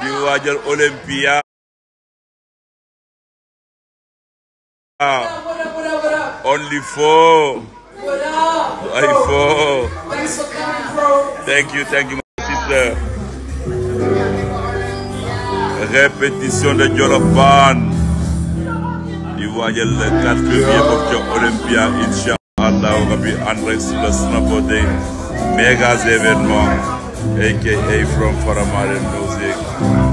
di waajal Olympia only four ay four thank you thank you my sister répétition de Jolofan di waajal le 4 février foofu ca Olympia incha allah rabbi ànd rek sur le snapode méga événement aka from Faramaren Music.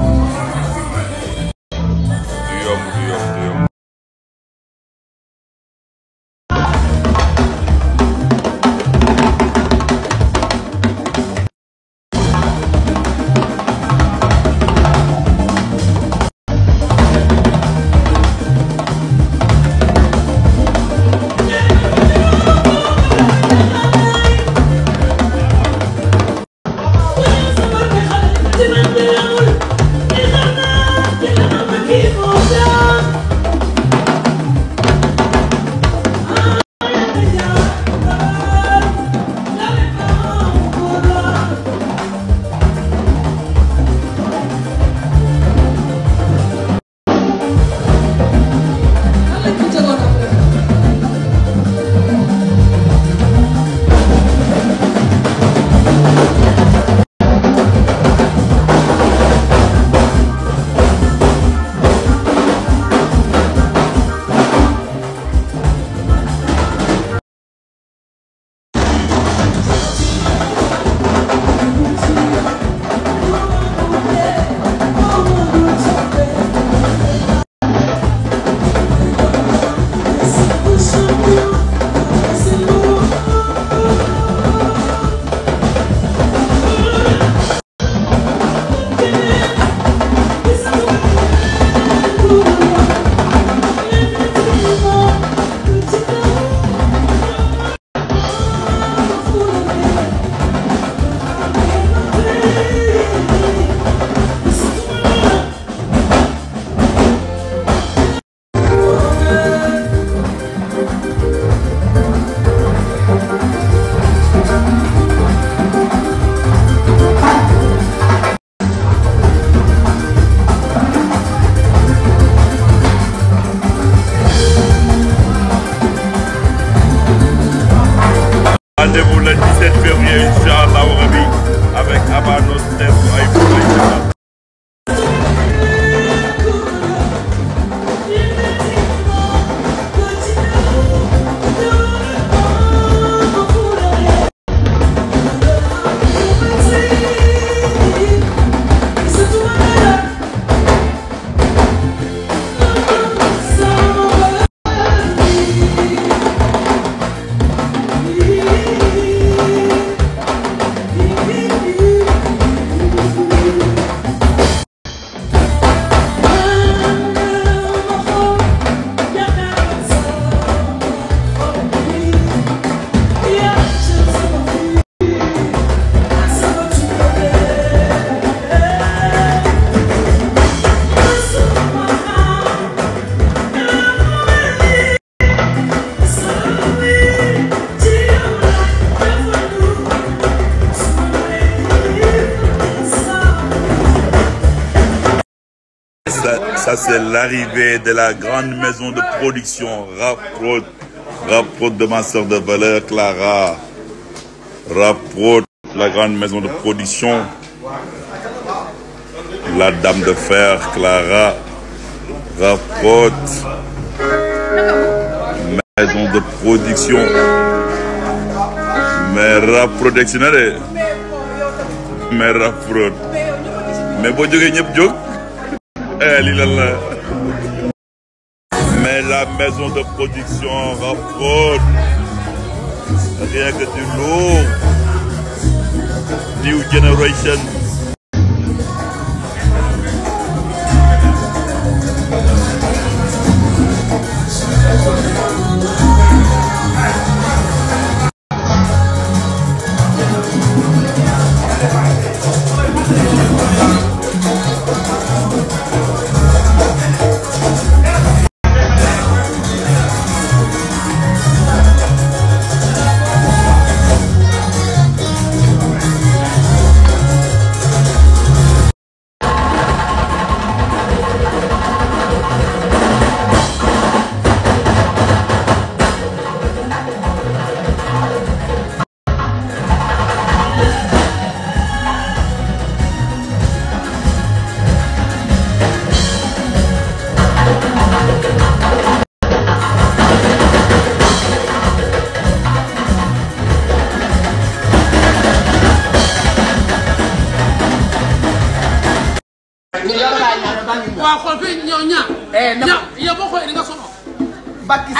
ça c'est l'arrivée de la grande maison de production Raprod. Raprod de ma sœur de valeur Clara. Raprod, la grande maison de production. La dame de fer Clara. Raprod. Maison de production. mais Raprod egsi na mais Raprod mais boo jógee ñëpp jóg. Eh, Mais la maison de production Rockford, rien que du lourd. New Generation.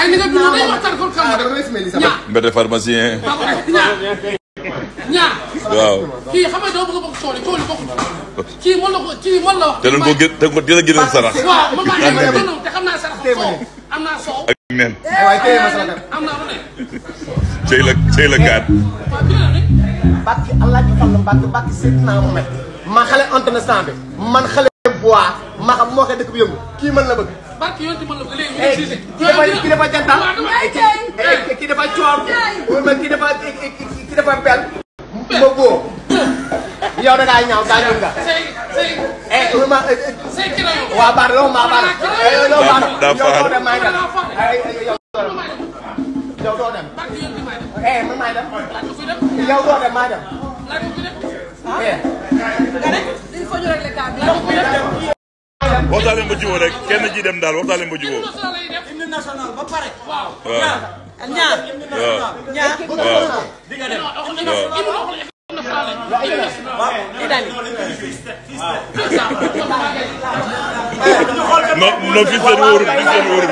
ay ni ah, nga bind kii xam nga dama bokk cooli cooli bokk kii mën ko kii mën la sarax ma maa te xam naa sarax eh, ne cëy la cëy la gaat bàkki allah ji fàll seet naa mu met man xale entretien bi man xale bois ma xam moo koy dëkk bi yëngu kii mën la bëgg barke yow itam la ko léegi. kii dafa jantal kii dafa coor kii dafa kii dafa pel. ma góor. yow da ngaa ñaaw gaañu nga. eh ma. Eh, waa Baar loo ma Baar. Eh, loo Baar yow doo dem maa ngi dem. yow doo dem. eh man maa ngi dem. yow doo dem maa ngi dem. ah. waxtaan leen ba jiwoo rek kenn ji dem daal waxtaan leen ba jiwoo. hymne national ba pare. waaw ñaar ñaar ñaar seen wóorul fii seen wóorul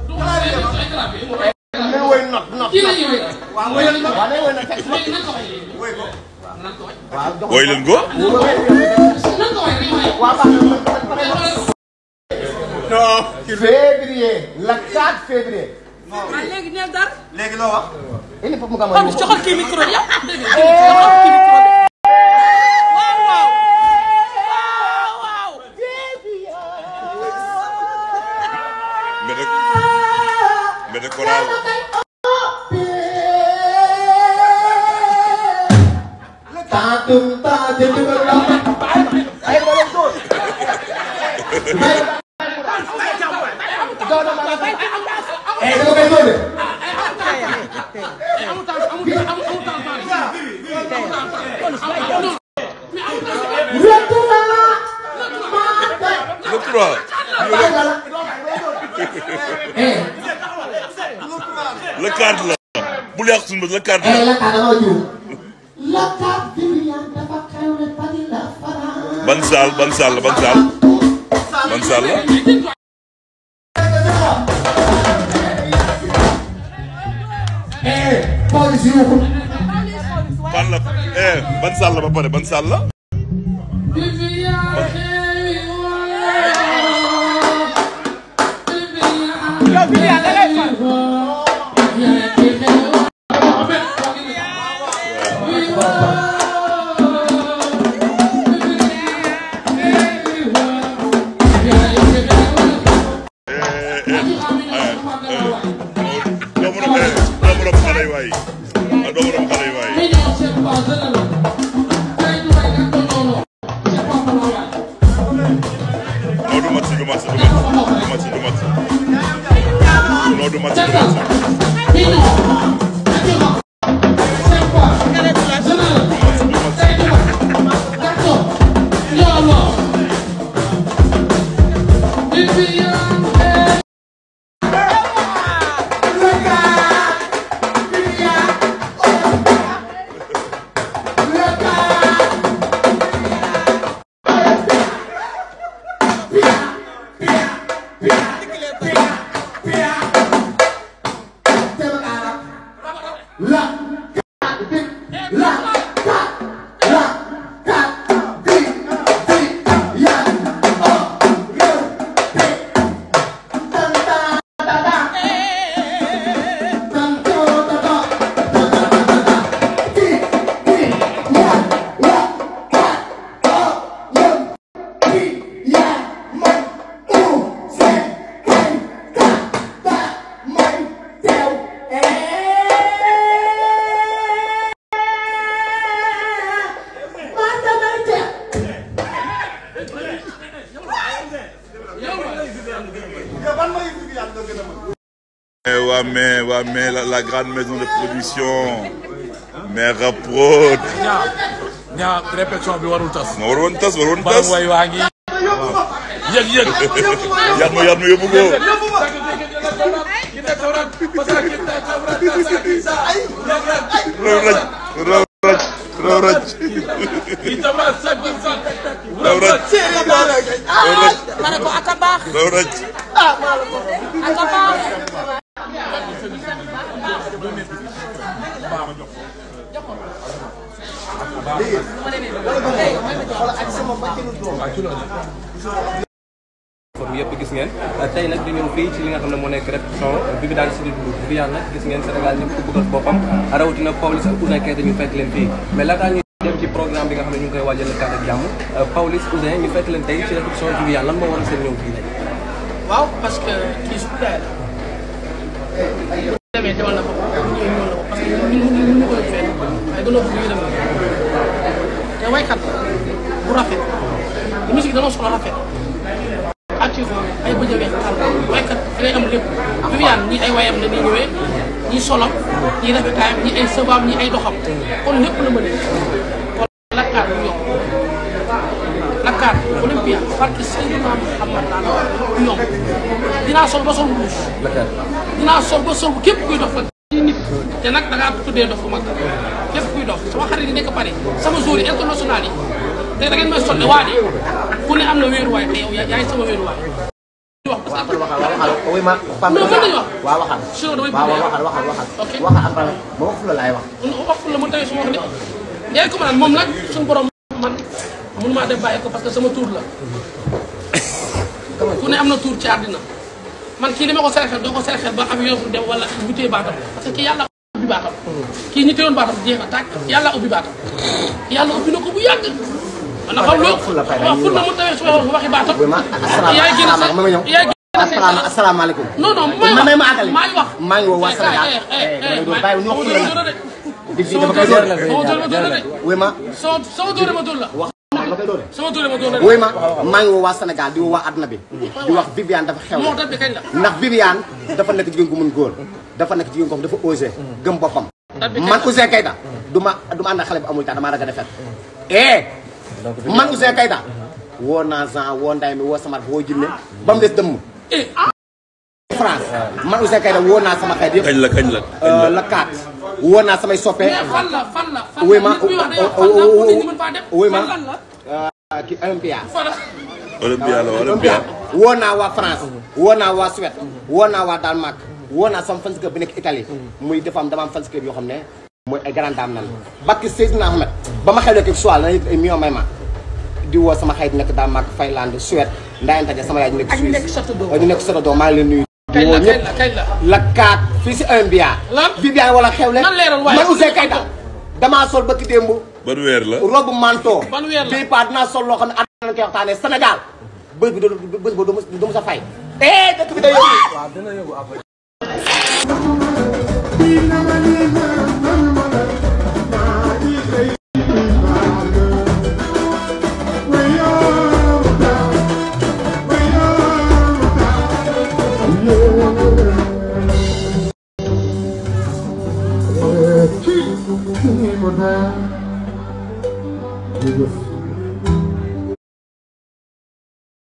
woy leen ko. non. février la 4 février. ah léegi nee dara. léegi loo wax. il faut mu gàmm a. kon joxal kii micro ah. eh, ตาตึงตาจะตึงแล้วไอ้บอลสุดเอ๊ะก็ไม่รู้เลยลุกรอลุกรอละการละบุลยักษ์สุนบุลละการละการเราอยู่ ban saal ban saal ban saal ban saal la eh, police yu xul. ban la eh, ban saal la ba pare ban saal la. ban. Yeah. la, la, grande maison de production Mera Prod. ñaar ñaar répétition bi warul tas. tas waroon tas Mbaye waa ngi. yëg yëg. yar ma yar ma yóbbu ko. raw raj raw raj forme yëpp gis ngeen tey nag di ñëw fii ci li nga xam ne moo nekk répétition bi bi daal di si di dugg bi nag gis ngeen Sénégal ñëpp ko bëggal boppam rawatina Pawlish ak Ouzin Keita ñu fekk leen fii mais laataa ñuy dem ci nga xam ne ñu ngi koy waajal le cadre jàmm Pawlish Ouzin ñu fekk leen tey ci répétition bi bi lan moo war a seen ñëw fii demee demal na ko parce que ñu ñu ko fenn waaye gënoo fi ñu dem te waykat bu te waykat bu yomb lakkaat olympia parce sol ba sol mbuus dinaa sor ba sor bu képp kuy dox fa dox bu mag képp kuy dox sama xarit yi nekk Paris sama jour yi international te da ngeen may sonne waa ku ne am na wéeruwaay te yaay sama ma. Pape Moussa ok wax fula laay tawee su ma wax nii. yaa ngi ko mën nag suñu borom man mënumaa def bàyyi ko parce que sama tuur la. ku ne am na tuur ci àddina. man kii dama ko saraxel doo ko saraxel ba am yoon dem wala bu téye baatam parce que kii yàlla ubbi baatam kii ñu téyoon jeex na tàkk yàlla ubbi baatam yàlla ubbi na bu yàgg na xam loolu waaw pour mu tawee su waxi baatam yaay gën a sax yaay gën a sax asalaamaaleykum non ma àggale maa ngi eh, eh, eh, ma soo soo dóore ma dóor la sama doole ma doole waa Sénégal di woo waa àdduna bi. wax Viviane dafa xew ndax Viviane dafa nekk jigéen gu mën góor. dafa nekk jigéen kooku dafa osé. gëm boppam. man Ouzin Keita du ma du ma ànd ak xale bu amul tax damaa ragal a defet. Eh, man Ouzin Keita woo naa Jean woo Nday mi woo Samar woo Jinne ba mu des dëmm. Eh, France man Ouzin Keita woo naa sama xarit yëpp. kañ la kañ la la kaat. Euh, woo naa samay soppe. mais fan la fan la fan la nit ñi wax fan la euh, ki naa waa France. woo naa waa Suède. woo naa woo naa sama fans bi nekk Italie. muy dafa am dama am yoo xam ne. mooy ay na dame nan bakki Seydina Ahmed ba ma xewlee kii soit la may ma di woo sama xarit nekk Danemark Finlande Suède ndaayante ja sama yaay ñu nekk Suisse ñu maa leen nuyu la kañ la kañ la la kaat fii si un biyaar. lan Viviane wala xewle. lan man Ouzin Keita damaa sol bëkk démb. ban weer la robu manteau. ban weer la bii paa sol loo xam ne àdduna lañ koy waxtaanee Sénégal bés bi doo bés ba du ma sa fay. eh